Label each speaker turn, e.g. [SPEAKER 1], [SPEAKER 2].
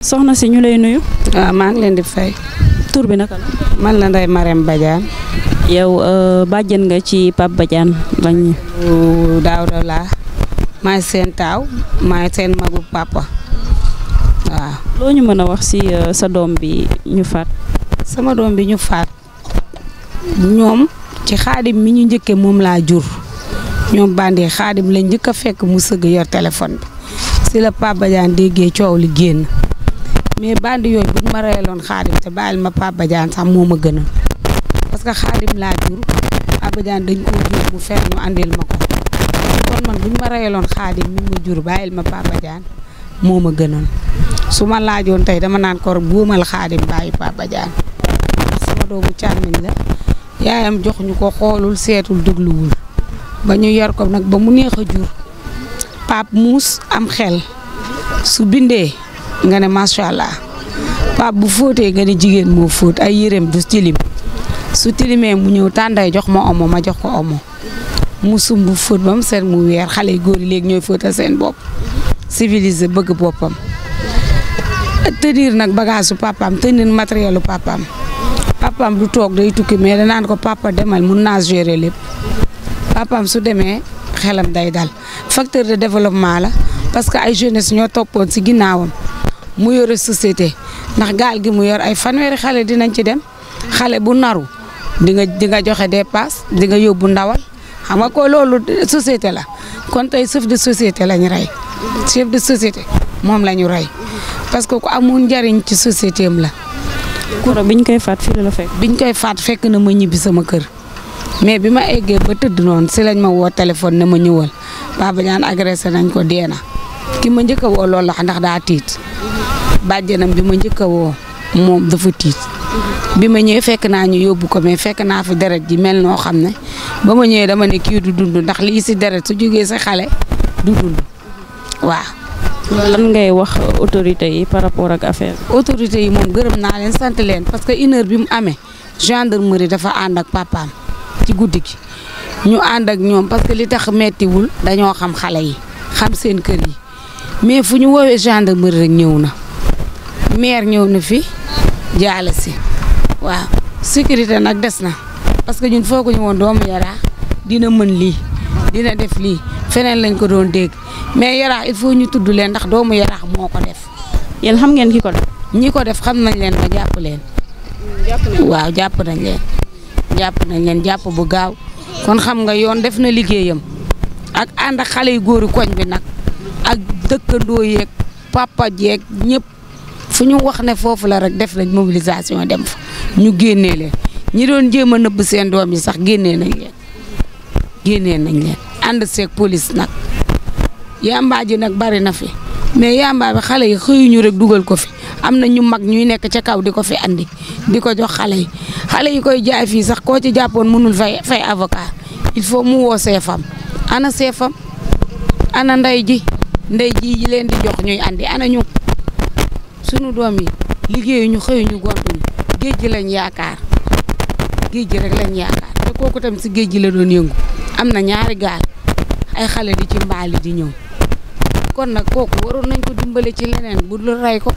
[SPEAKER 1] soxna si ñu lay nuyu. waaw maa ngi leen di fay. tur bi naka la. man la Ndeye Marème Badiane. yow euh, bàjjen nga ci Pape Badiane lañ. la laa maay seen taaw maay seen magu papa waaw. loo ñu mën a wax si euh, sa doom bi ñu faat. sama doom bi ñu faat ñoom ci xaadim mi ñu njëkkee moom laa jur ñoom bandi xaadim la njëkk a fekk mu sëgg yor téléphone bi si la Pape Badiane déggee coow li génn. mais bandi yooyu buñ ma reyeloon xaadim te bàyyil ma Pape Badiane sax moo ma gënal parce que xaadim laa jur Pape dañ koo jur àndil ma ko kon man jur bàyyil ma Pape Badiane moo ma gënal su ma laajoon tey dama naan ko buumal xaadim bàyyi Pape Badiane ndax sama doomu càmmiñ la yaayam jox ñu ko xoolul seetul dégluwul ba ñu yar ko nag ba mu neex a jur Pape muus am xel su bindee nga ne macha allah pape bu fóotee nga ne jigéen moo fóot ay yéreem du tilim su tilimee mu ñëw tànday jox ma omo ma jox ko omo mu sumb fóot ba mu seet mu weer xale yu góor yi léegi ñooy fóotal seen bopp civilisé bëgg boppam. tenir nag bagage su papaam tenir matériel lu papaam papaam du toog day tukki mais danaan ko papa demal mun naa gérer lépp papaam su demee xelam day dal facteur de développement la parce que ay jeunesse ñoo toppoon ci ginnaawam. mu yore société ndax gaal gi mu yor ay fanweeri xale dinañ ci dem xale bu naru di nga di nga joxe dépasse di nga yóbbu ndawal xam nga ko loolu société la kon tey chef de société la rey chef de société moom la ñu rey parce que ku amul njariñ ci société am la. koro biñ koy faat fii la fekk. koy faat fekk na ma ñibbi sama kër mais bi ma eggee ba tëdd noonu si lañ ma woo téléphone ne ma ñëwal Papa Niane agressé nañ ko dee na ki ma njëkk woo loolu la ndax daa tiit. bàjjanam bi ma njëkk a woo moom dafa tiit bi ma ñëwee fekk naa ñu yóbbu ko mais fekk naa fi deret ji mel noo xam ne ba ma ñëwee dama ne kii du dund ndax lii si deret su jógee sa xale du dund waaw. lan ngay wax autorité yi par rapport ak affaire autorité yi moom gërëm naa leen sant leen parce que une bi mu amee gendarmerie dafa ànd ak papaam ci guddi gi ñu ànd ak ñoom parce que li tax mettiwul dañoo xam xale yi xam seen kër yi mais fu ñu woowee gendarmerie rek ñëw na maire ñëw na fi jaale si waaw sécurité nag des na parce que ñun fooguñu woon doomu Yara dina mën lii dina def lii feneen lañ ko doon dégg mais Yara il faut ñu tudd leen ndax doomu Yara moo ko def. yéen xam ngeen ki ko def. ñi ko def xam nañ leen ba jàpp leen. waaw jàpp nañ leen. jàpp nañ leen jàpp bu gaaw kon xam nga yoon def na liggéeyam ak ànd ak xale yu góoru koñ bi nag ak dëkkandoo yeeg papa jeeg ñëpp. fu ñu wax ne foofu la rek def nañ mobilisation dem fa ñu génnee leen ñi doon jéem a nëbb seen doom yi sax génnee nañ leen génnee nañ leen ànd seek police nag yamba ji nag bari na fi mais yamba xale yi xëyuñu rek dugal ko fi am na ñu mag ñuy nekk ca kaw di ko fi andi di ko jox xale yi xale yi koy jaay fii sax koo ci jàppoon mënul fay fay avocat il faut mu woo seefam ana seefam ana ndey ji ndey ji yi leen di jox ñuy andi ana ñu sunu doom yi liggéeyuñu ñu gontuñu géej gi lañ yaakaar géej gi rek lañ yaakaar te kooku tamit si géej gi la doon yëngu am na ñaari gaal ay xale di ci mbaali di ñëw kon nag kooku waroon nañ ko dimbale ci leneen bu lu rey ko